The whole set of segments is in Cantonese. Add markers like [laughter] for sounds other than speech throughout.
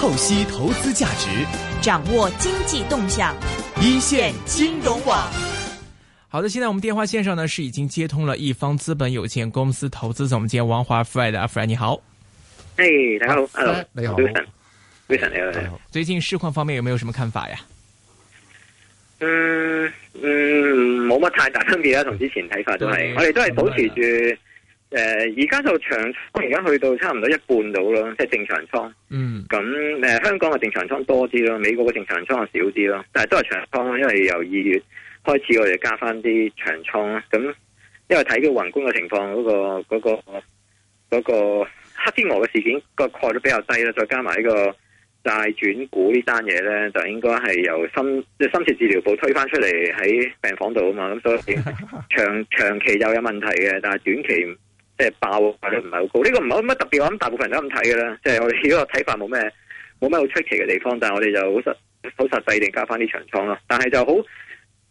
透析投資價值，掌握經濟動向，一線金融網。好的，現在我們電話線上呢，是已經接通了一方資本有限公司投資總監王華 Fred，阿 Fred，你好。哎，你好，Hello，你好，Wilson，Wilson，你好。最近市況方面有沒有什麼看法呀？嗯嗯，冇、嗯、乜太大分別啦，同之前睇法都係，我哋都係保持住。誒，而家、呃、就長而家去到差唔多一半到咯，即係正常倉。嗯，咁誒、呃，香港嘅正常倉多啲咯，美國嘅正常倉少啲咯。但係都係長倉，因為由二月開始我哋加翻啲長倉啦。咁因為睇個宏觀嘅情況，嗰、嗰個、嗰個、嗰個黑天鵝嘅事件個概率比較低啦。再加埋呢個債轉股呢單嘢咧，就應該係由深即係深切治療部推翻出嚟喺病房度啊嘛。咁所以長 [laughs] 長期又有問題嘅，但係短期。即係爆或者唔係好高，呢、這個唔係乜特別，我諗大部分人都咁睇嘅啦。即、就、係、是、我哋呢個睇法冇咩冇咩好出奇嘅地方，但係我哋就好實好實際，定加翻啲長倉咯。但係就好，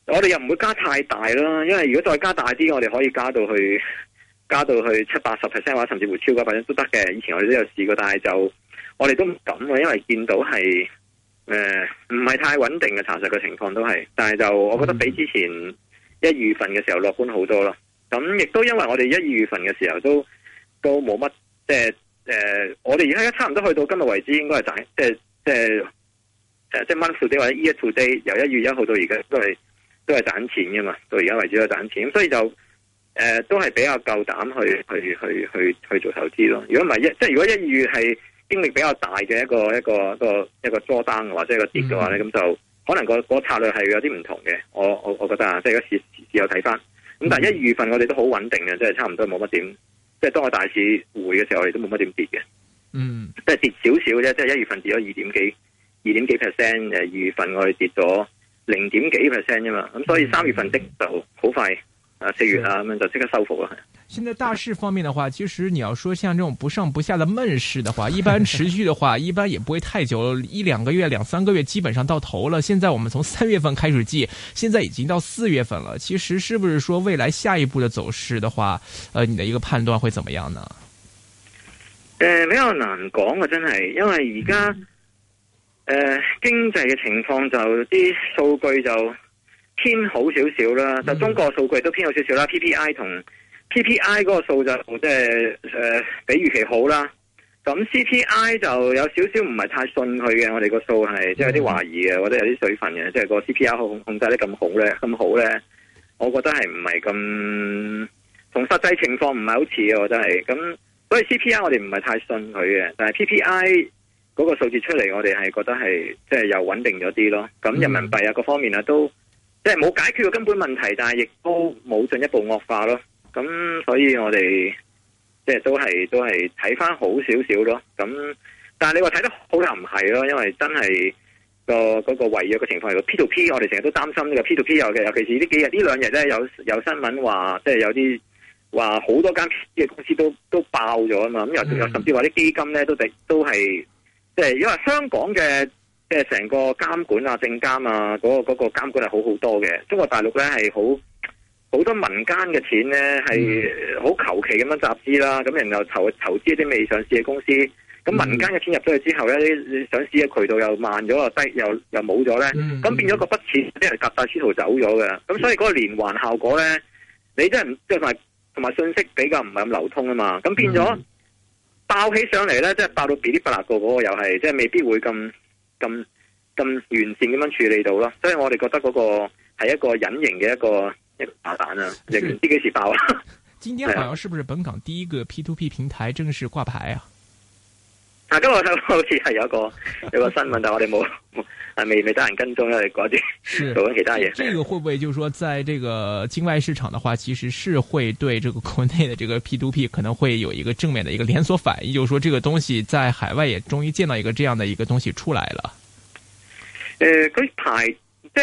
我哋又唔會加太大啦，因為如果再加大啲，我哋可以加到去加到去七八十 percent 或，甚至乎超過百分都得嘅。以前我哋都有試過，但係就我哋都唔敢啊，因為見到係誒唔係太穩定嘅查實嘅情況都係。但係就我覺得比之前一月份嘅時候樂觀好多咯。咁亦都因為我哋一、二月份嘅時候都都冇乜，即係誒，我哋而家差唔多去到今日為止應該賺，應該係賺，即係即係誒，即係 month-to-date 或者 year-to-date 由一月一號到而家都係都係賺錢噶嘛，到而家為止都係賺錢，所以就誒、呃、都係比較夠膽去去去去去做投資咯。如果唔係一即係如果一、二月係經歷比較大嘅一個一個一個 drawdown 或者一個跌嘅話咧，咁、嗯、就可能個個策略係有啲唔同嘅。我我我覺得啊，即係一時有睇翻。咁但係一月份我哋都好穩定嘅，即係差唔多冇乜點，即係當我大市回嘅時候，我哋都冇乜點跌嘅，嗯即，即係跌少少啫，即係一月份跌咗二點幾、二點幾 percent，誒，二月份我哋跌咗零點幾 percent 啫嘛，咁所以三月份的就好快。啊！四月啊，咁樣就即刻收復啦。現在大市方面的話，其實你要說像這種不上不下的悶市的話，一般持續的話，一般也不會太久，一兩個月、兩三個月，基本上到頭了。現在我們從三月份開始計，現在已經到四月份了。其實是不是說未來下一步的走勢的話，呃，你的一個判斷會怎麼樣呢？呃，比較難講啊，真係，因為而家，呃，經濟嘅情況就啲數據就。偏好少少啦，就中國數據都偏好少少啦。Mm hmm. P P I 同 P P I 嗰個數就即係誒比預期好啦。咁 C P I 就有少少唔係太信佢嘅，我哋個數係即係有啲懷疑嘅，或者有啲水分嘅，即係個 C P I 控控制得咁好咧，咁好咧，我覺得係唔係咁同實際情況唔係好似啊，我覺得係咁，所以 C P I 我哋唔係太信佢嘅，但係 P P I 嗰個數字出嚟，我哋係覺得係即係又穩定咗啲咯。咁人民幣啊，各方面啊都。即係冇解決個根本問題，但係亦都冇進一步惡化咯。咁所以我哋即係都係都係睇翻好少少咯。咁但係你話睇得好又唔係咯，因為真係、嗰個嗰個違約嘅情況嚟嘅。P2P 我哋成日都擔心呢個 P2P 有嘅，尤其是呢幾日、呢幾日、呢兩日咧有有新聞話，即係有啲話好多間 P 嘅公司都都爆咗啊嘛。咁有有甚至話啲基金咧都都係即係因為香港嘅。即係成個監管啊、證監啊，嗰個嗰個監管係好好多嘅。中國大陸咧係好好多民間嘅錢咧係好求其咁樣集資啦，咁然後投投資一啲未上市嘅公司，咁民間嘅錢入咗去之後咧，你上市嘅渠道又慢咗又低又又冇咗咧，咁變咗個筆錢俾人夾帶私逃走咗嘅，咁所以嗰個連環效果咧，你真係即係同埋信息比較唔係咁流通啊嘛，咁變咗爆起上嚟咧，即係爆到噼里啪啦個嗰個又係，即係未必會咁。咁咁完善咁樣處理到咯，所以我哋覺得嗰個係一個隱形嘅一個一個炸彈啊，唔知幾時爆啦，啊。 [laughs] 今天好像是不是本港第一個 P two P 平台正式掛牌啊？嗱，今日、啊、好似係有一個，有個新聞，但我哋冇，未未得閒跟蹤，因為啲是做緊其他嘢。呢個會唔會，就係說，在境外市場嘅話，其實係會對個國內嘅個 P2P 可能會有一個正面嘅一個連鎖反應，就係說，呢個東西喺海外也終於見到一個這樣嘅一個東西出來了。佢排，呃，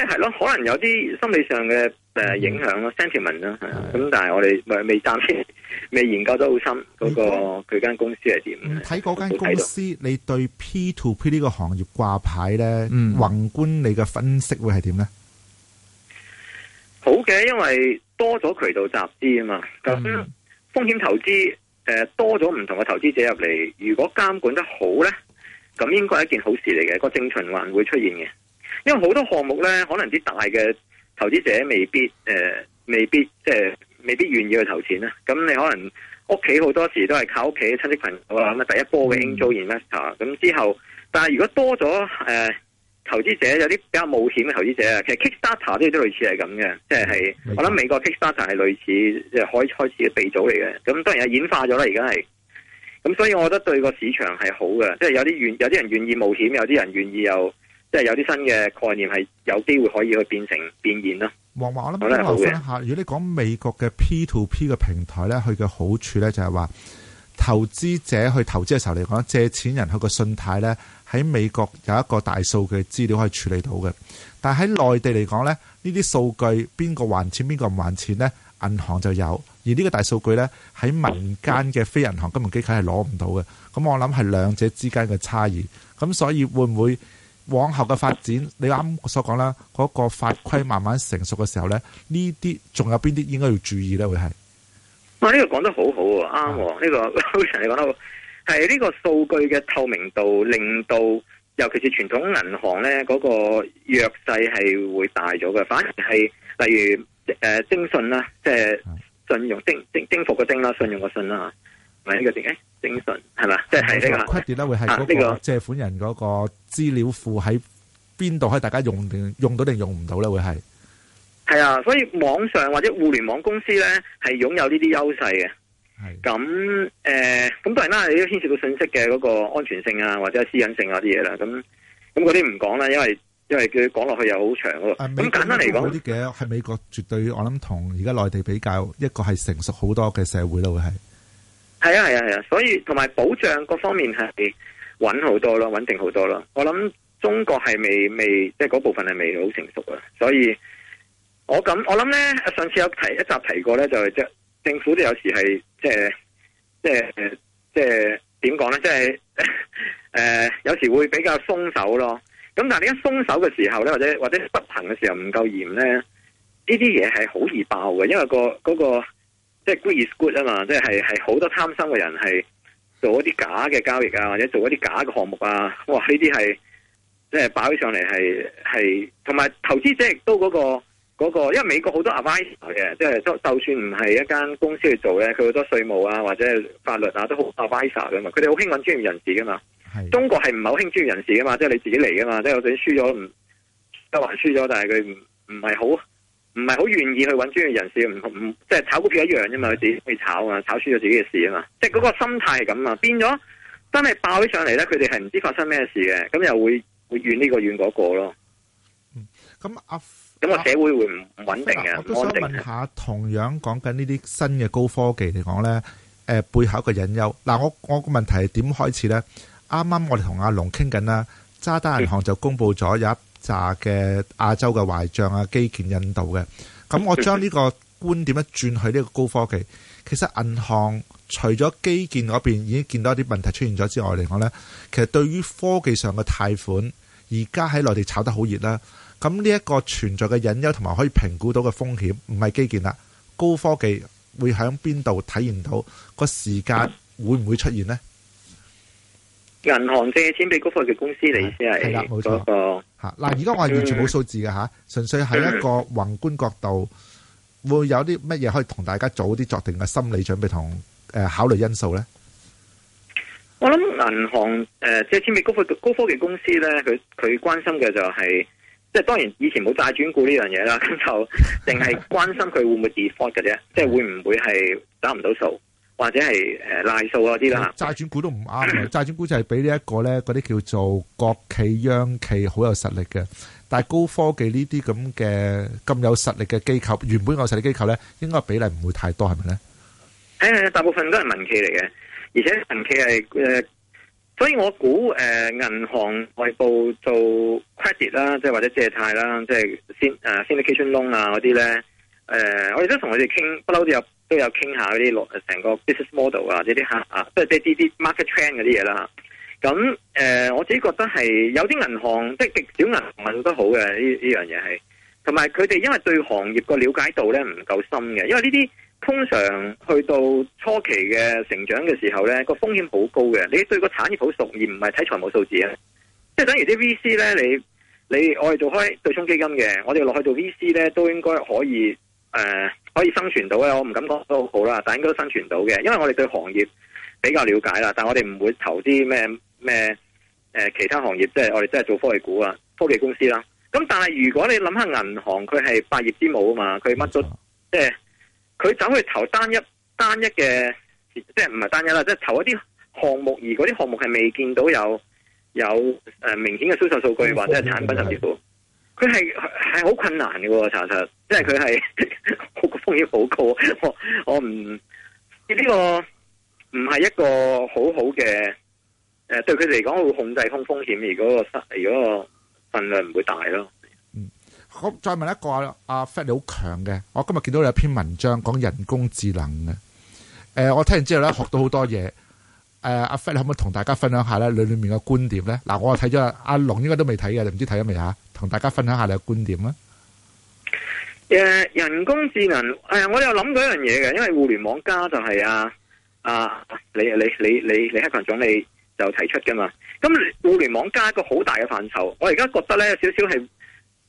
即係咯，可能有啲心理上嘅。誒，影響咯，sentiment 咯，係啊。咁但係我哋未暫未研究得好深，嗰、嗰個佢間、嗯、公司係點咧？冇睇到。公司，你對 P2P 呢個行業掛牌咧，嗯、宏觀你嘅分析會係點咧？好嘅，因為多咗渠道集資啊嘛，咁、嗯、風險投資誒、呃、多咗唔同嘅投資者入嚟，如果監管得好咧，咁應該係一件好事嚟嘅，個正循環會出現嘅。因為好多項目咧，可能啲大嘅。投資者未必、呃、未必即係未必願意去投錢啦。咁你可能屋企好多時都係靠屋企親戚朋友啊，咁啊，第一波嘅 angel investor。咁之後，但係如果多咗誒、呃、投資者，有啲比較冒險嘅投資者啊，其實 Kickstarter 都都類似係咁嘅，即係係我諗美國 Kickstarter 係類似即係可以開始嘅鼻祖嚟嘅。咁當然係演化咗啦，而家係。咁所以我覺得對個市場係好嘅，即係有啲願有啲人願意冒險，有啲人願意又。即係有啲新嘅概念，係有機會可以去變成變現咯。王華，我諗我先吓，如果你講美國嘅 P to P 嘅平台呢，佢嘅好處呢就係話投資者去投資嘅時候嚟講，借錢人佢個信貸呢，喺美國有一個大數據資料可以處理到嘅。但係喺內地嚟講呢，呢啲數據邊個還錢邊個唔還錢呢，銀行就有。而呢個大數據呢，喺民間嘅非銀行金融機構係攞唔到嘅。咁我諗係兩者之間嘅差異。咁所以會唔會？往後嘅發展，你啱所講啦，嗰個法規慢慢成熟嘅時候咧，呢啲仲有邊啲應該要注意咧？會係，呢個講得好好啊，啱。呢個你講得好，係呢個數據嘅透明度令到，尤其是傳統銀行咧，嗰個弱勢係會大咗嘅。反而係例如，誒徵信啦，即係信用徵徵徵服嘅徵啦，信用嘅信啦。呢個點？誒，徵信係咪？即係是是、呢個缺點咧，會係嗰個借款人嗰個資料庫喺邊度？可以大家用定用到定用唔到咧？會係係啊，所以網上或者互聯網公司咧，係擁有呢啲優勢嘅。係咁誒，咁當然啦，你、呃、要牽涉到信息嘅嗰個安全性啊，或者私隱性啊啲嘢啦。咁咁嗰啲唔講啦，因為因為佢講落去又好長咁、啊、簡單嚟講嘅，喺美,美國絕對我諗同而家內地比較，一個係成熟好多嘅社會咯，會係。係啊係啊係啊，所以同埋保障各方面係穩好多咯，穩定好多咯。我諗中國係未未即係嗰部分係未好成熟啊。所以我咁我諗咧，上次有提一集提過咧，就即、係、政府都有時係即係即係即係點講咧，即係誒、就係、 [laughs] 有時會比較鬆手咯。咁但係你一鬆手嘅時候咧，或者或者執行嘅時候唔夠嚴咧，呢啲嘢係好易爆嘅，因為個、嗰個。即係 good is good 啊嘛！即係係好多貪心嘅人係做一啲假嘅交易啊，或者做一啲假嘅項目啊！哇，呢啲係即係擺上嚟係系，同埋投資者亦都嗰個，嗰個，因為美國好多 advisor 嘅，即係都就算唔係一間公司去做咧，佢好多稅務啊或者法律啊都好 advisor 噶嘛，佢哋好興揾專業人士噶嘛。是的 中國係唔係好興專業人士噶嘛？即係你自己嚟噶嘛？即係就算輸咗唔得，還輸咗，但係佢唔唔係好。唔係好願意去揾專業人士，唔唔即係炒股票一樣啫嘛，佢自己可以炒啊，炒輸咗自己嘅事啊嘛，即係嗰個心態係咁啊。變咗真係爆起上嚟咧，佢哋係唔知發生咩事嘅，咁又會會怨呢個怨嗰、嗰個咯、嗯。嗯、咁、嗯、啊，咁個社會會唔穩定嘅、啊啊，唔安定嘅，我問下同樣講緊呢啲新嘅高科技嚟講咧，誒、呃、背後一個隱憂。嗱、呃，我我個問題係點開始咧？啱啱我哋同阿龍傾緊啦，渣打銀行就公布咗有。嘅亞洲嘅壞帳啊，基建印度嘅，咁我將呢個觀點一轉去呢個高科技。其實銀行除咗基建嗰邊已經見到一啲問題出現咗之外，嚟講呢，其實對於科技上嘅貸款，而家喺內地炒得好熱啦。咁呢一個存在嘅隱憂同埋可以評估到嘅風險，唔係基建啦，高科技會喺邊度體現到，個時間會唔會出現呢？銀行借錢俾高科技公司，你先係嗰個。係啦，冇錯。嗱，而家我係完全冇數字嘅吓，純、嗯、粹係一個宏觀角度，嗯、會有啲乜嘢可以同大家做啲作定嘅心理準備同誒考慮因素咧？我諗銀行誒、呃，即係天美高科的高科技公司咧，佢佢關心嘅就係、是，即係當然以前冇債轉股呢樣嘢啦，咁就淨係關心佢會唔會 default 嘅啫， [laughs] 即係會唔會係打唔到數？或者係誒，賴數嗰啲啦，債轉、嗯、股都唔啱。債轉股就係俾呢一個咧，嗰啲叫做國企央企好有實力嘅。但係高科技呢啲咁嘅咁有實力嘅機構，原本有實力機構咧，應該比例唔會太多，係咪咧？係、呃、大部分都係民企嚟嘅，而且民企係誒、呃，所以我估誒，銀、呃、行外部做 credit 啦，即係或者借貸啦，即係先誒，先 syndication loan 啊嗰啲咧，誒、呃，我亦都同佢哋傾不嬲都有。都有傾下嗰啲落成個 business model 啊，啲啲客啊，係啲啲 market trend 嗰啲嘢啦。咁誒、呃，我自己覺得係有啲銀行，即係極少銀行係做得好嘅呢呢樣嘢係。同埋佢哋因為對行業個了解度咧唔夠深嘅，因為呢啲通常去到初期嘅成長嘅時候咧，個風險好高嘅。你對個產業好熟，而唔係睇財務數字即係、就是、等於啲 VC 咧，你你我哋做開對沖基金嘅，我哋落去做 VC 咧，都應該可以。誒、呃，可以生存到嘅，我唔敢講都好啦，但應該都生存到嘅，因為我哋對行業比較了解啦。但係我哋唔會投啲咩咩誒其他行業，即係我哋真係做科技股啊，科技公司啦。咁但係如果你諗下銀行，佢係百業之母啊嘛，佢乜都錯即係佢走去投單一單一嘅，即係唔係單一啦，即係投一啲項目，而嗰啲項目係未見到有有誒、呃、明顯嘅銷售數據錯或者係產品，甚至乎。佢係係好困難嘅，查實，即係佢係個風險好高。我我唔呢、這個唔係一個好好嘅誒，對佢嚟講會控制空風，風險，而嗰個實而嗰個份量唔會大咯。好、嗯，再問一個阿阿、啊、Fred 你好強嘅。我今日見到你有篇文章講人工智能嘅，誒、呃，我聽完之後咧學到好多嘢。誒、呃，阿 Fred 你可唔可以同大家分享下咧裏裏面嘅觀點咧？嗱、呃，我睇咗阿龍應該都未睇嘅，唔知睇咗未吓？同大家分享下你嘅觀點啦。誒，人工智能誒，我有諗過一樣嘢嘅，因為互聯網加就係啊啊，李李李李李克強總理就提出噶嘛。咁互聯網加一個好大嘅範疇，我而家覺得咧有少少係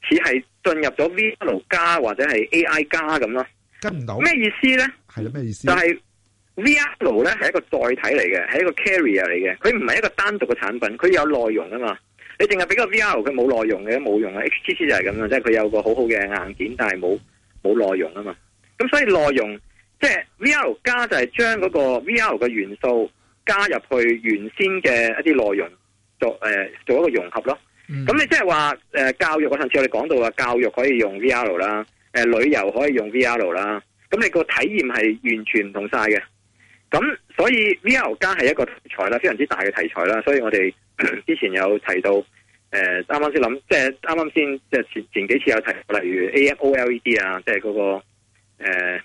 似係進入咗 VR 加或者係 AI 加咁咯。跟唔到咩意思咧？係咩意思？但係 VR 咧係一個載體嚟嘅，係一個 carrier 嚟嘅，佢唔係一個單獨嘅產品，佢有內容啊嘛。你淨係俾個 V R 佢冇內容嘅，冇用嘅。HTC 就係咁啊，即係佢有個好好嘅硬件，但係冇冇內容啊嘛。咁所以內容即係 V R 加就係將嗰個 V R 嘅元素加入去原先嘅一啲內容，作誒、呃、做一個融合咯。咁、嗯、你即係話誒教育，我上次我哋講到啊，教育可以用 V R 啦、呃，誒旅遊可以用 V R 啦，咁你個體驗係完全唔同晒嘅。咁所以 V R 加係一個題材啦，非常之大嘅題材啦，所以我哋。之前有提到，誒、呃，啱啱先諗，即係啱啱先，即係前前幾次有提到，例如 AMOLED 啊，即係嗰、那個誒、呃、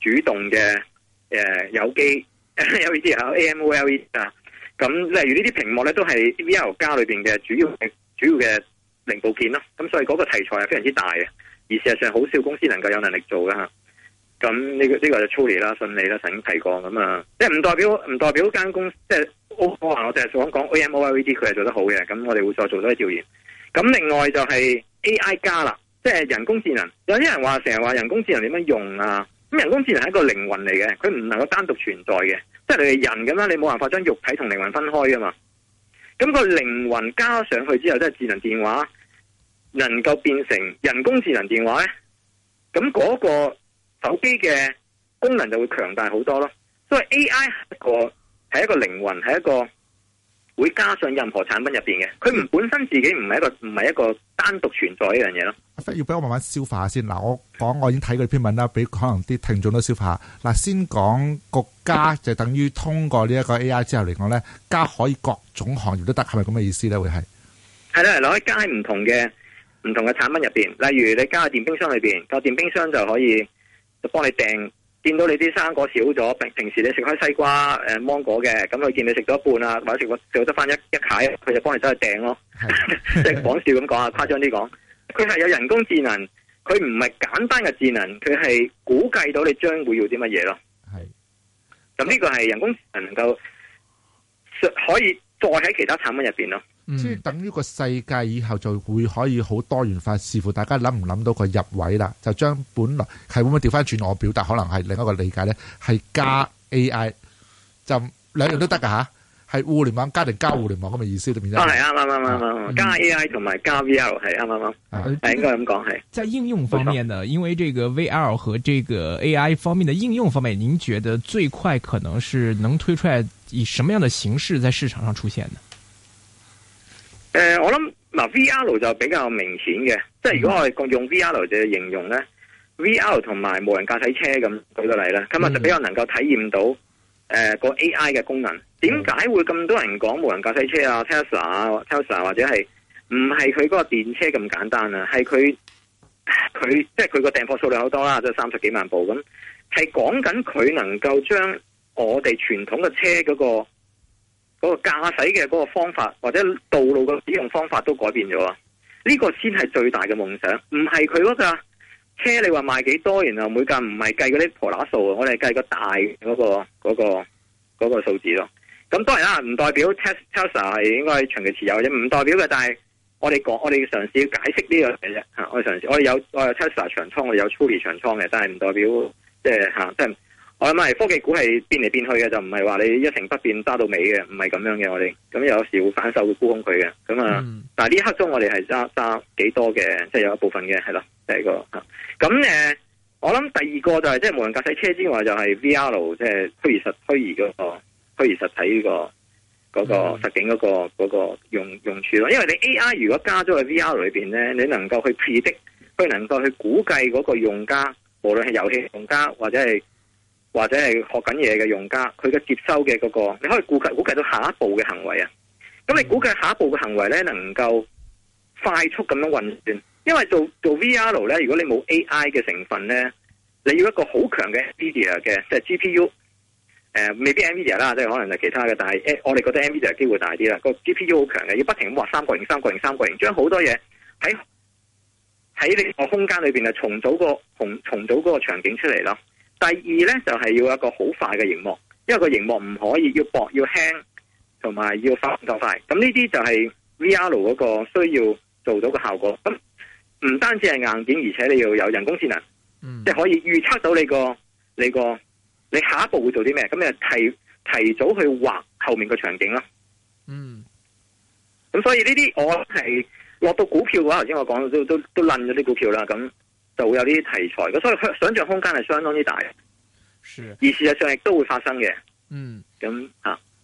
主動嘅誒、呃、有機有 LED [laughs] 啊 AMOLED 啊，咁例如呢啲屏幕咧都係 V L 家裏邊嘅主要主要嘅零部件啦、啊，咁所以嗰個題材係非常之大嘅，而事實上好少公司能夠有能力做嘅吓。咁呢、這個呢、這個就粗嚟啦、順利啦，曾經提過咁啊，即係唔代表唔代表間公司，即係、哦哦、我我我淨係想講 AMOIVD 佢係做得好嘅。咁我哋會再做多啲調研。咁另外就係 AI 加啦，即係人工智能。有啲人話成日話人工智能點樣用啊？咁人工智能係一個靈魂嚟嘅，佢唔能夠單獨存在嘅，即係你係人咁樣，你冇辦法將肉體同靈魂分開噶嘛。咁、那個靈魂加上去之後，即係智能電話能夠變成人工智能電話咧？咁嗰、那個。手機嘅功能就會強大好多咯，所以 A I 係一個係一個靈魂，係一個會加上任何產品入邊嘅。佢唔本身自己唔係一個唔係一個單獨存在一樣嘢咯。要俾我慢慢消化先。嗱，我講我已經睇過篇文啦，俾可能啲聽眾都消化。嗱，先講國家就等於通過呢一個 A I 之後嚟講咧，加可以各種行業都得，係咪咁嘅意思咧？會係係啦，攞去加喺唔同嘅唔同嘅產品入邊，例如你加喺電冰箱裏邊，個電冰箱就可以。就幫你訂，見到你啲生果少咗，平平時你食開西瓜、誒、呃、芒果嘅，咁佢見你食咗一半啦、啊，或者食個食得翻一一蟹，佢就幫你走去訂咯，即係講笑咁講啊，誇張啲講，佢係有人工智能，佢唔係簡單嘅智能，佢係估計到你將會要啲乜嘢咯。係，咁呢個係人工智能能夠可以再喺其他產品入邊咯。即係、嗯、等於個世界以後就會可以好多元化，視乎大家諗唔諗到個入位啦。就將本來係會唔會調翻轉我表達，可能係另一個理解咧，係加 AI 就兩樣都得噶吓，係互聯網加定加互聯網咁嘅意思都變咗。啱、嗯，啱、嗯，啱、嗯，啱，啱加 AI 同埋加 VR 係啱啱，係、嗯嗯、應該咁講係。是在應用方面呢？因為這個 VR 和這個 AI 方面的應用方面，您覺得最快可能是能推出來以什麼樣的形式在市場上出現呢？誒、呃，我諗嗱、啊、V R 就比較明顯嘅，即係如果我哋用 V R 嚟形容呢 V R 同埋無人駕駛車咁舉個例啦，咁啊、嗯、就比較能夠體驗到誒、呃那個 A I 嘅功能。點解會咁多人講無人駕駛車啊、嗯、？Tesla 啊，Tesla 或者係唔係佢嗰個電車咁簡單啊？係佢佢即係佢個訂貨數量好多啦，即係三十幾萬部咁，係講緊佢能夠將我哋傳統嘅車嗰、那個。嗰個駕駛嘅嗰個方法，或者道路嘅使用方法都改變咗啊！呢個先係最大嘅夢想，唔係佢嗰架車你話賣幾多，然後每架唔係計嗰啲婆乸數啊，我哋係計個大嗰個嗰個嗰個數字咯。咁當然啦，唔代表 Tesla 係應該長期持有嘅，唔代表嘅。但係我哋講，我哋嘗試要解釋呢個嘢啫、啊。我嘗試，我哋有我有 Tesla 長倉，我哋有 Tury 長倉嘅，但係唔代表即係吓真。啊就是我係科技股係變嚟變去嘅，就唔係話你一成不變揸到尾嘅，唔係咁樣嘅。我哋咁有時會反手會沽空佢嘅。咁啊，嗯、但係呢一刻中我，我哋係揸揸幾多嘅，即、就、係、是、有一部分嘅，係咯。第二個咁誒、啊啊，我諗第二個就係即係無人駕駛車之外就 VR，就，就係 V R 即係虛擬實虛擬嗰個虛擬實體呢、這個嗰、那個實景嗰、那個、那個用、嗯、用處咯。因為你 A I 如果加咗去 V R 裏邊咧，你能夠去 predict，佢能夠去估計嗰個用家，無論係遊戲用家或者係。或者係學緊嘢嘅用家，佢嘅接收嘅嗰個，你可以估計估計到下一步嘅行為啊。咁你估計下一步嘅行為咧，能夠快速咁樣運算。因為做做 V R 咧，如果你冇 A I 嘅成分咧，你要一個好強嘅 Nvidia 嘅即係 G P U，誒、呃，未必 Nvidia 啦，即係可能係其他嘅，但係我哋覺得 Nvidia 機會大啲啦。個 G P U 好強嘅，要不停咁畫三角形、三角形、三角形，將好多嘢喺喺你個空間裏邊啊，重組個重重組個場景出嚟咯。第二咧，就係、是，要一個好快嘅熒幕，因為個熒幕唔可以，要薄要輕，同埋要反應快。咁呢啲就係 V R 嗰個需要做到嘅效果。咁唔單止係硬件，而且你要有人工智能，嗯，即係可以預測到你個你個你下一步會做啲咩，咁你提提早去畫後面嘅場景啦。嗯。咁所以呢啲我係落到股票嘅話，頭先我講到都都都論咗啲股票啦，咁。就會有啲題材，咁所以想象空間係相當之大的，嘅，的嗯，而事實上亦都會發生嘅。嗯，咁啊。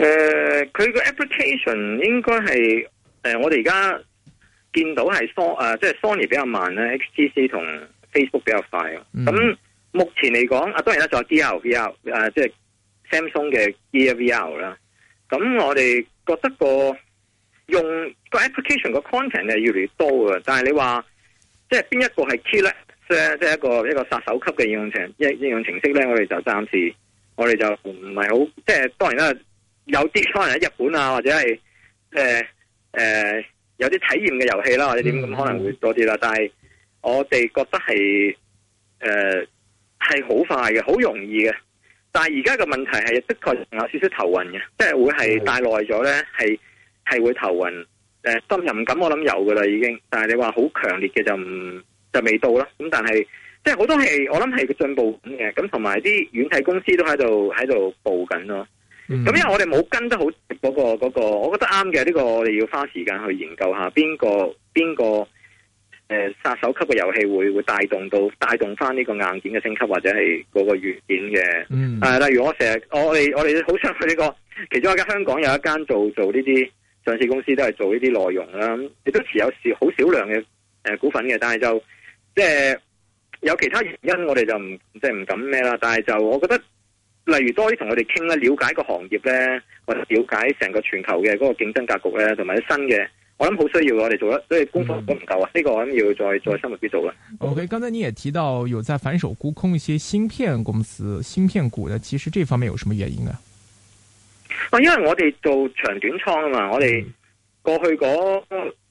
誒，佢個、呃、application 應該係誒、呃，我哋而家見到係 Sony、呃就是、即係 Sony 比較慢咧，HTC 同 Facebook 比較快、嗯、啊。咁目前嚟講，啊當然啦仲有 Gear VR,、呃就是、VR, 啦，就 Gear VR 誒，即係 Samsung 嘅 Gear VR 啦。咁我哋覺得用、這個用個 application 個 content 係越嚟越多嘅，但係你話即係邊一個係 killer 即即係、就是、一個一個殺手級嘅應用程一應用程式咧？我哋就暫時我哋就唔係好即係當然啦。有啲可能喺日本啊，或者係誒誒有啲體驗嘅遊戲啦，或者點咁可能會多啲啦。但係我哋覺得係誒係好快嘅，好容易嘅。但係而家嘅問題係的確有少少頭暈嘅，即係會係戴耐咗咧，係係會頭暈誒，心任感我諗有噶啦已經。但係你話好強烈嘅就唔就未到啦。咁但係即係好多係我諗係個進步咁嘅。咁同埋啲軟體公司都喺度喺度報緊咯。咁、嗯、因為我哋冇跟得好嗰、嗰個嗰、嗰個，我覺得啱嘅呢個，我哋要花時間去研究一下邊個邊個誒殺手級嘅遊戲會會帶動到帶動翻呢個硬件嘅升級或者係嗰個軟件嘅。嗯、啊，例如我成日我哋我哋好想去呢、呢個，其中一間香港有一間做做呢啲上市公司都係做呢啲內容啦，亦都持有少好少量嘅誒、呃、股份嘅，但係就即係、即係、有其他原因我哋，我哋就唔即係唔敢咩啦。但係就我覺得。例如多啲同我哋傾啦，了解個行業咧，或者了解成個全球嘅嗰個競爭格局咧，同埋啲新嘅，我諗好需要我哋做一，即係功課唔夠啊！呢個我諗要再再深入啲做啦。OK，剛才你也提到有在反手沽空一些芯片公司、芯片股呢，呢其實這方面有什麼原因啊？啊，因為我哋做長短倉啊嘛，我哋過去嗰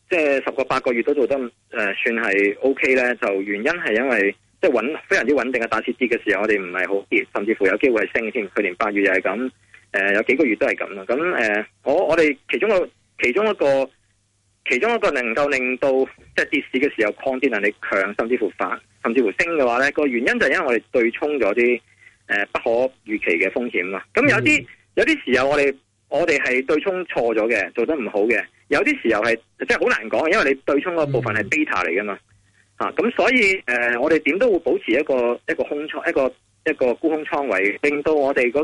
即係十個八個月都做得誒、呃，算係 OK 咧。就原因係因為。即係穩，非常之穩定嘅大市跌嘅時候，我哋唔係好跌，甚至乎有機會係升嘅添。去年八月又係咁，誒、呃、有幾個月都係咁啦。咁誒、呃，我我哋其中個其中一個，其中一個能夠令到即係跌市嘅時候抗跌能力強，甚至乎反，甚至乎升嘅話咧，個原因就係因為我哋對沖咗啲誒不可預期嘅風險啦。咁有啲有啲時候我哋我哋係對沖錯咗嘅，做得唔好嘅。有啲時候係即係好難講，因為你對沖嗰部分係 beta 嚟噶嘛。啊，咁所以誒、呃，我哋點都會保持一個一個空倉，一個一個沽空倉位，令到我哋嗰、嗰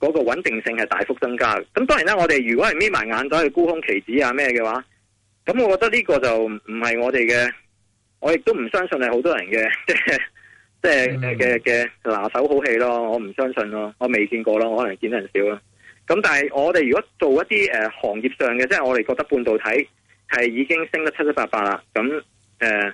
個嗰、嗰個穩定性係大幅增加。咁當然啦，我哋如果係眯埋眼袋去沽空期指啊咩嘅話，咁我覺得呢個就唔係我哋嘅，我亦都唔相信係好多人嘅即係即係嘅嘅拿手好戲咯。我唔相信咯，我未見過咯，我可能見得人少咯。咁但係我哋如果做一啲誒、呃、行業上嘅，即係我哋覺得半導體係已經升得七七八八啦，咁誒。呃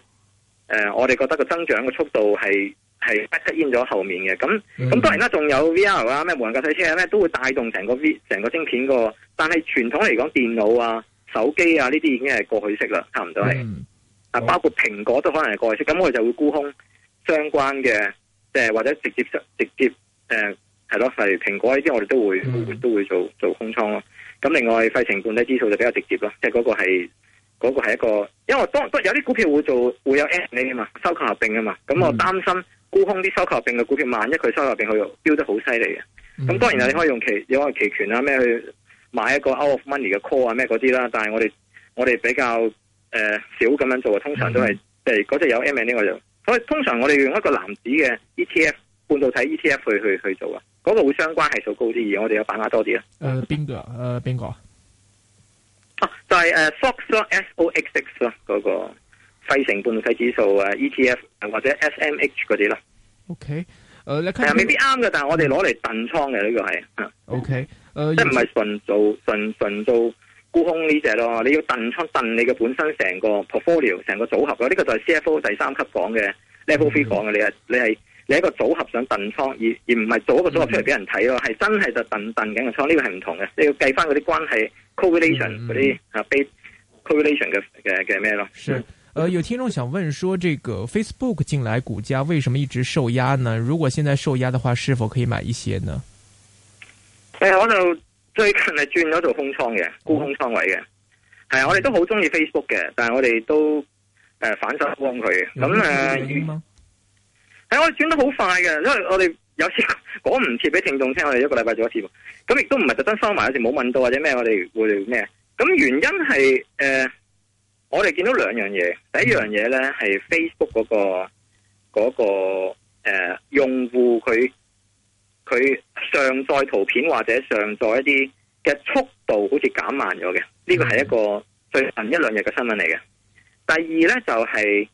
誒、呃，我哋覺得個增長嘅速度係係 back in 咗後面嘅，咁咁當然啦，仲有 V R 啊，咩無人駕駛車啊，咩都會帶動成個 V 成個晶片個。但係傳統嚟講，電腦啊、手機啊呢啲已經係過去式啦，差唔多係。啊、嗯、哦、包括蘋果都可能係過去式，咁我哋就會沽空相關嘅，即、呃、係或者直接直直接誒，係、呃、咯，係蘋果呢啲我哋都會、嗯、都會做做空倉咯、啊。咁另外，費城半導體指數就比較直接咯，即係嗰個係。嗰個係一個，因為都都有啲股票會做，會有 M&A 嘛，收購合併啊嘛。咁我擔心沽空啲收購合併嘅股票，萬一佢收購合併佢飆得好犀利嘅。咁、嗯、當然你可以用期，有個期權啊咩，去買一個 out of money 嘅 call 啊咩嗰啲啦。但係我哋我哋比較誒、呃、少咁樣做啊，通常都係即係嗰隻有 M&A 呢我就。所以通常我哋用一個籃子嘅 ETF，半導體 ETF 去去去做啊。嗰、那個會相關係數高啲，而我哋有把握多啲啦。誒邊、呃、個？誒、呃、邊個？啊、就係誒，Sox 咯，S O X X 咯，嗰個費城半導體指數 E T F 或者 S M H 嗰啲啦。O K，誒，未必啱嘅，但係我哋攞嚟燉倉嘅呢個係。O Okay . K，、uh, 即係唔係純做純純做沽空呢隻咯，你要燉倉燉你嘅本身成個 portfolio 成個組合嘅，呢、這個就係 C F O 第三級講嘅 level three 講嘅，你係你係你一個組合想燉倉而而唔係做一個組合出嚟俾人睇咯，係 Okay. 真係就燉燉緊個倉，呢個係唔同嘅，你要計翻嗰啲關係。correlation 嗰啲啊，face correlation 嘅嘅嘅咩咯？是，誒、呃，有聽眾想問說，這個 Facebook 進來股價為什麼一直受壓呢？如果現在受壓的話，是否可以買一些呢？誒、哎，我就最近係轉咗做空倉嘅，沽空倉位嘅。係啊、嗯哎，我哋都好中意 Facebook 嘅，但係我哋都誒、呃、反手幫佢。咁誒，係我哋轉得好快嘅，因為我哋。有時講唔切俾聽眾聽，我哋一個禮拜做一次，咁亦都唔係特登收埋，有時冇問到或者咩，我哋會咩？咁原因係誒，我哋見到兩樣嘢，第一樣嘢咧係 Facebook 嗰個嗰個誒、呃、用戶佢佢上載圖片或者上載一啲嘅速度好似減慢咗嘅，呢個係一個最近一兩日嘅新聞嚟嘅。第二咧就係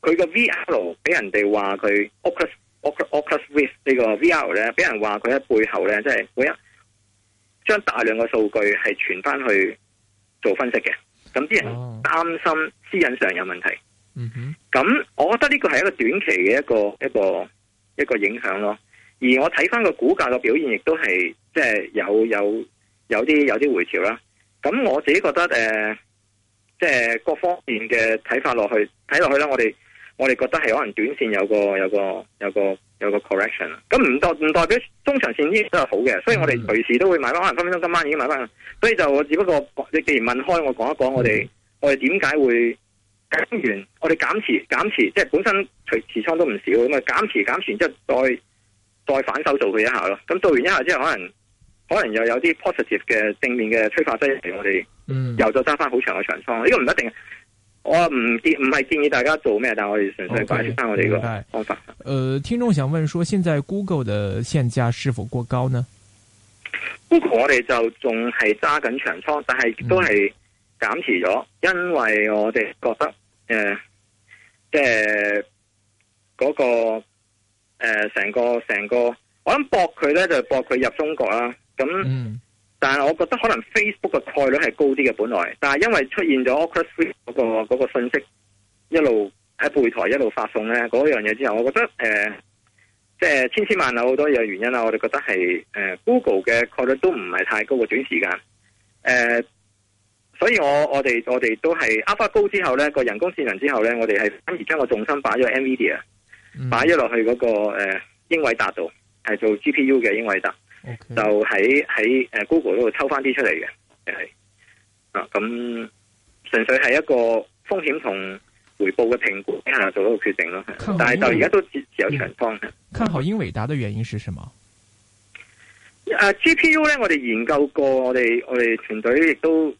佢個 Vlog 俾人哋話佢。Oculus Rift 呢個 VR 咧，俾人話佢喺背後咧，即係會將大量嘅數據係傳翻去做分析嘅。咁啲人擔心私隱上有問題。嗯哼。咁我覺得呢個係一個短期嘅一個一個一個影響咯。而我睇翻個股價嘅表現也，亦都係即係有有有啲有啲回調啦。咁我自己覺得誒，即、呃、係、就是、各方面嘅睇法落去睇落去啦，我哋。我哋覺得係可能短線有個有個有個有個 correction 咁唔代唔代表中長線呢都係好嘅，所以我哋隨時都會買翻，可能分分鐘今晚已經買翻，所以就我只不過你既然問開我講講我，嗯、我講一講我哋我哋點解會減完，我哋減持減持，即係本身隨持倉都唔少，咁啊減持減持之後再再反手做佢一下咯，咁做完一下之後可能可能又有啲 positive 嘅正面嘅催化劑嚟，我哋、嗯、又再揸翻好長嘅長倉，呢、呢個唔一定。我唔建唔係建議大家做咩，但係我哋純粹擺返我哋個。方法。我發。誒，聽眾想問說，現在 Google 嘅限價是否過高呢？Google 我哋就仲係揸緊長倉，但係都係減持咗，嗯、因為我哋覺得誒，即係嗰個誒，成、呃、個成個，我諗博佢咧就博、係、佢入中國啦。咁。嗯但係我覺得可能 Facebook 嘅概率係高啲嘅本來，但係因為出現咗 Oculus 嗰個嗰、嗰個信息，一路喺背台一路發送咧，嗰樣嘢之後，我覺得誒、呃，即係千千萬有好多嘢原因啦，我哋覺得係誒、呃、Google 嘅概率都唔係太高嘅短時間誒、呃，所以我我哋我哋都係 up up 高之後咧，個人工智能之後咧，我哋係反而將個重心擺咗 media 擺咗落去、嗰個誒、呃、英偉達度係做 GPU 嘅英偉達。Okay. 就喺喺誒 Google 嗰度抽返啲出嚟嘅，係啊，咁純粹係一個風險同回報嘅評估，做一個決定咯。但係就而家都截持有長倉。看好英偉達嘅原因是什麼？誒、啊，G P U 咧，我哋研究過，我哋我哋團隊亦都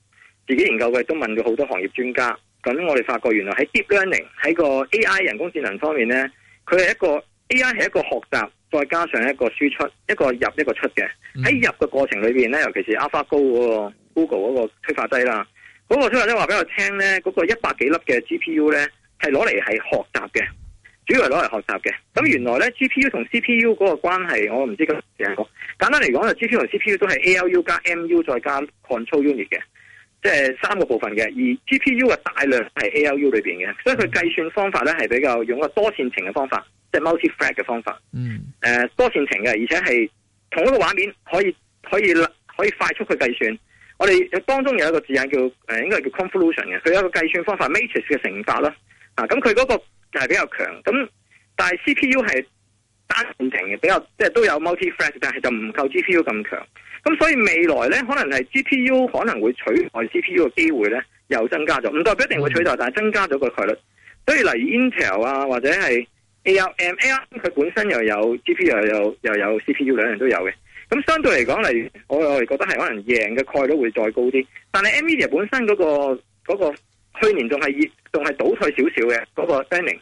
自己研究嘅，都問咗好多行業專家。咁我哋發覺原來喺 deep learning 喺個 A I 人工智能方面咧，佢係一個 A I 係一個學習。再加上一個輸出一個入一個出嘅喺、嗯、入嘅過程裏邊，咧，尤其是 Alpha Go 嗰個 Google 嗰個催化劑啦，嗰個催化劑話俾我聽咧，嗰個一百幾粒嘅 GPU 咧係攞嚟係學習嘅，主要係攞嚟學習嘅。咁原來咧 GPU 同 CPU 嗰個關係，我唔知咁點樣講。簡單嚟講就，GPU 同 CPU 都係 ALU 加 MU 再加 Control Unit 嘅，即係三個部分嘅。而 GPU 嘅大量係 ALU 裏邊嘅，所以佢計算方法咧係比較用個多線程嘅方法。即係 multi-thread 嘅方法。嗯，誒，多線程嘅，而且係同一個畫面可以可以可以快速去計算。我哋當中有一個字眼叫誒、呃，應該係叫 convolution 嘅，佢有一個計算方法 matrix 嘅乘法咯。啊，咁佢嗰個就係比較強，咁、嗯、但係 C P U 係單線程嘅，比較即係、就是、都有 multi-thread 但係就唔夠 G P U 咁強。咁、嗯、所以未來咧，可能係 G P U 可能會取代 C P U 嘅機會咧，又增加咗。唔代表一定會取代，但係增加咗個概率。所以例如 Intel 啊，或者係。A R M L 佢本身又有 G P U 又有又有，又有 C P U 兩樣都有嘅，咁相對嚟講嚟，我我哋覺得係可能贏嘅概率會再高啲。但係 Media 本身嗰、嗰個、嗰個去年仲係仲係倒退少少嘅嗰個 standing，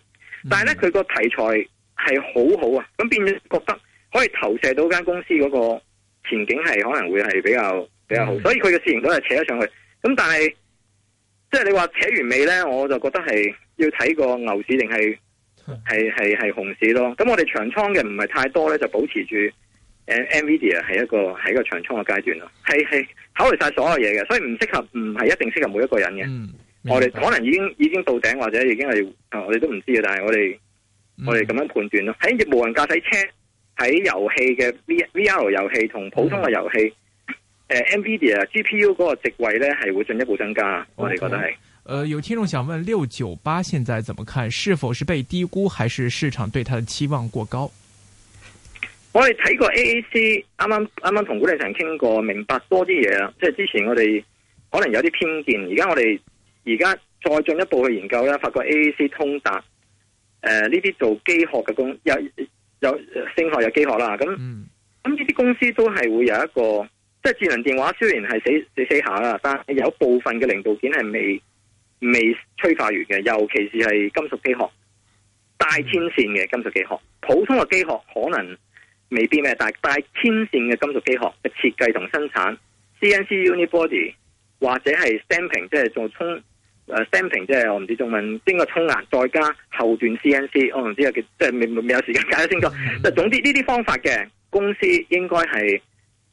但係咧佢個題材係好好啊，咁變咗覺得可以投射到間公司嗰個前景係可能會係比較比較好的，所以佢嘅市盈率扯咗上去。咁但係即係你話扯完尾咧，我就覺得係要睇個牛市定係。係係係熊市咯，咁我哋長倉嘅唔係太多咧，就保持住誒，Nvidia 係一個係一個長倉嘅階段咯，係係考慮晒所有嘢嘅，所以唔適合，唔係一定適合每一個人嘅。嗯、我哋可能已經已經到頂或者已經係、啊，我哋都唔知嘅，但係我哋、嗯、我哋咁樣判斷咯。喺無人駕駛車，喺遊戲嘅 V V R 遊戲同普通嘅遊戲，誒、嗯 uh,，Nvidia G P U 嗰個席位咧係會進一步增加，Okay. 我哋覺得係。誒、呃，有聽眾想問六九八現在怎麼看？是否是被低估，還是市場對它的期望過高？我哋睇過 AAC，啱啱啱啱同管理層傾過，明白多啲嘢啦。即係之前我哋可能有啲偏見，而家我哋而家再進一步去研究咧，發覺 AAC 通達誒呢啲做機殼嘅工有有,有聲學有機殼啦。咁咁呢啲公司都係會有一個，即係智能電話雖然係死死死下啦，但有部分嘅零部件係未。未催化完嘅，尤其是係金屬機殼帶天線嘅金屬機殼。普通嘅機殼可能未必咩，但係帶天線嘅金屬機殼嘅設計同生產 CNC Unibody 或者係 Stamping，即係做沖誒、啊、Stamping，即係我唔知仲問邊個沖壓，再加後段 CNC，我唔知有幾，即係未未有時間解釋清楚。但總之呢啲方法嘅公司應該係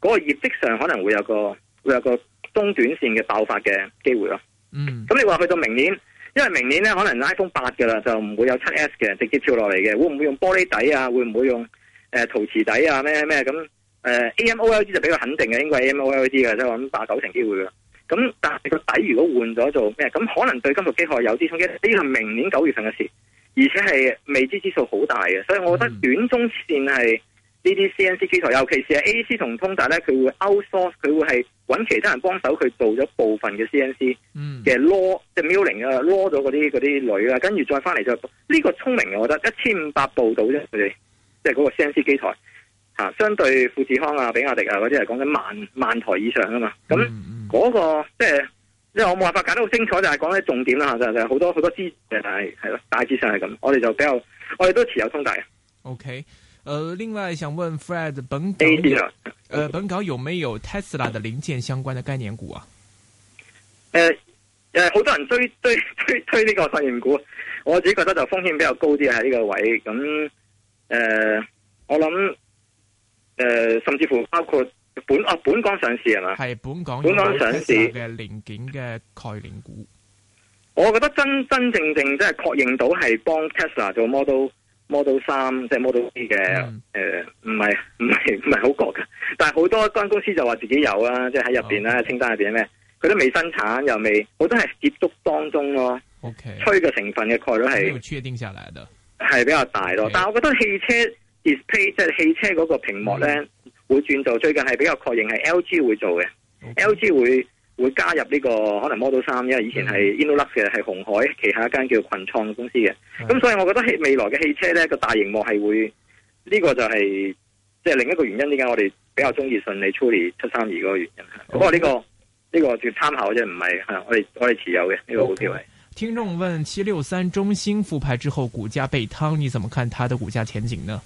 嗰個業績上可能會有個會有個中短線嘅爆發嘅機會咯。嗯，咁你話去到明年，因為明年咧可能 iPhone 八㗎啦，就唔會有七 S 嘅，直接跳落嚟嘅，會唔會用玻璃底啊？會唔會用誒、呃、陶瓷底啊？咩咩咁誒、呃、AMOLED 就比較肯定嘅，應該係 AMOLED 嘅，即係話八九成機會嘅。咁但係個底如果換咗做咩？咁可能對金屬機殼有啲衝擊，呢個係明年九月份嘅事，而且係未知之數好大嘅，所以我覺得短中線係。呢啲 CNC 機台，尤其是係 AC 同通達咧，佢會 outsource 佢會係揾其他人幫手，佢做咗部分嘅 CNC 嘅鑷，即係 milling 啊，鑷咗嗰啲嗰啲女啊，跟住再翻嚟就呢、是這個聰明嘅，我覺得一千五百部到啫，佢哋即係嗰個 CNC 機台嚇、啊，相對富士康啊、比亞迪啊嗰啲係講緊萬萬台以上啊嘛。咁嗰、那個、mm. 即係即係我冇辦法解得好清楚，就係講啲重點啦，就就是、好多好多資係係咯，大致上係咁。我哋就比較，我哋都持有通達嘅。OK。呃、另外想問 Fred 本港，誒 A，呃、A 本港有沒有 Tesla 的零件相關的概念股啊？誒、呃，誒、呃，好多人追追追追呢個概念股，我自己覺得就風險比較高啲喺呢個位。咁、嗯、誒、呃，我諗誒、呃，甚至乎包括本哦、啊、本港上市係咪？係本港本港上市嘅零件嘅概念股。我覺得真真正正即係確認到係幫 Tesla 做 model。Model 3即係 Model V 嘅。誒唔係唔係唔係好確嘅，但係好多間公司就話自己有啦，即係喺入邊啦清單入邊咩，佢都未生產又未，好多係接觸當中咯。OK，吹嘅成分嘅概率係，確定下嚟嘅係比較大咯。Okay, 但係我覺得汽車 display 即係汽車嗰個屏幕咧，哦、會轉做最近係比較確認係 LG 會做嘅，LG 會。會加入呢、這個可能 Model 三，因為以前係 InnoLux 嘅係紅海，旗下一間叫群創嘅公司嘅。咁、嗯、所以我覺得未來嘅汽車咧個大螢幕係會呢、這個就係即係另一個原因點解我哋比較鍾意順利 Truly 七三二嗰個原因。Okay. 不過呢、這個呢、這個叫參考啫，唔係係我哋我哋持有嘅呢、這個股票。Okay. 聽眾問：七六三中興復牌之後股價被湯，你怎麼看它的股價前景呢？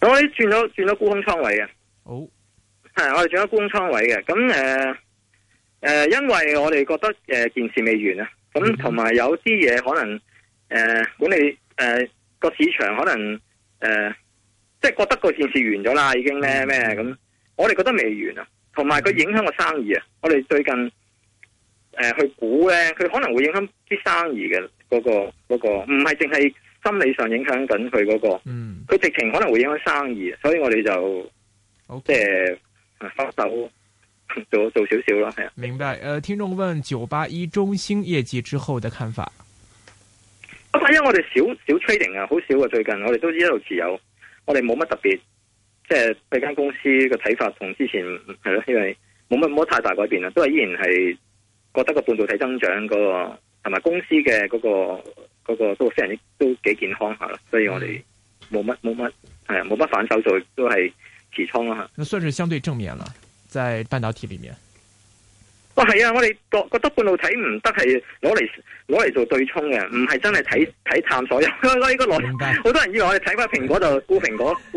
咁我哋轉咗轉咗沽空倉位嘅，好係、oh. 我哋轉咗沽空倉位嘅。咁誒。呃誒、呃，因為我哋覺得誒、呃、件事未完啊，咁同埋有啲嘢可能誒、呃、管理誒個、呃、市場可能誒、呃、即係覺得個件事完咗啦，已經咧咩咁，嗯嗯、我哋覺得未完啊，同埋佢影響個生意啊，嗯、我哋最近誒、呃、去估咧，佢可能會影響啲生意嘅嗰個嗰個，唔係淨係心理上影響緊佢嗰個，嗯，佢直情可能會影響生意，所以我哋就即係出手。okay. 呃做做少少咯，係啊，明白。誒、呃，聽眾問九八一中興業績之後嘅看法，我反我啊，因為我哋少少 trading 啊，好少啊，最近我哋都一路持有，我哋冇乜特別，即係對間公司嘅睇法同之前係咯，因為冇乜冇太大改變啊，都係依然係覺得個半導體增長嗰、那個同埋公司嘅嗰、那個、那個都非常之都幾健康下啦，所以我哋冇乜冇乜係冇乜反手做，都係持倉啊吓。咁算係相對正面啦。在半導體裏面，哦，係啊！我哋覺覺得半導體唔得係攞嚟攞嚟做對沖嘅，唔係真係睇睇探所有。我呢個內，好白多人以為我哋睇翻蘋果就估蘋果。 [laughs]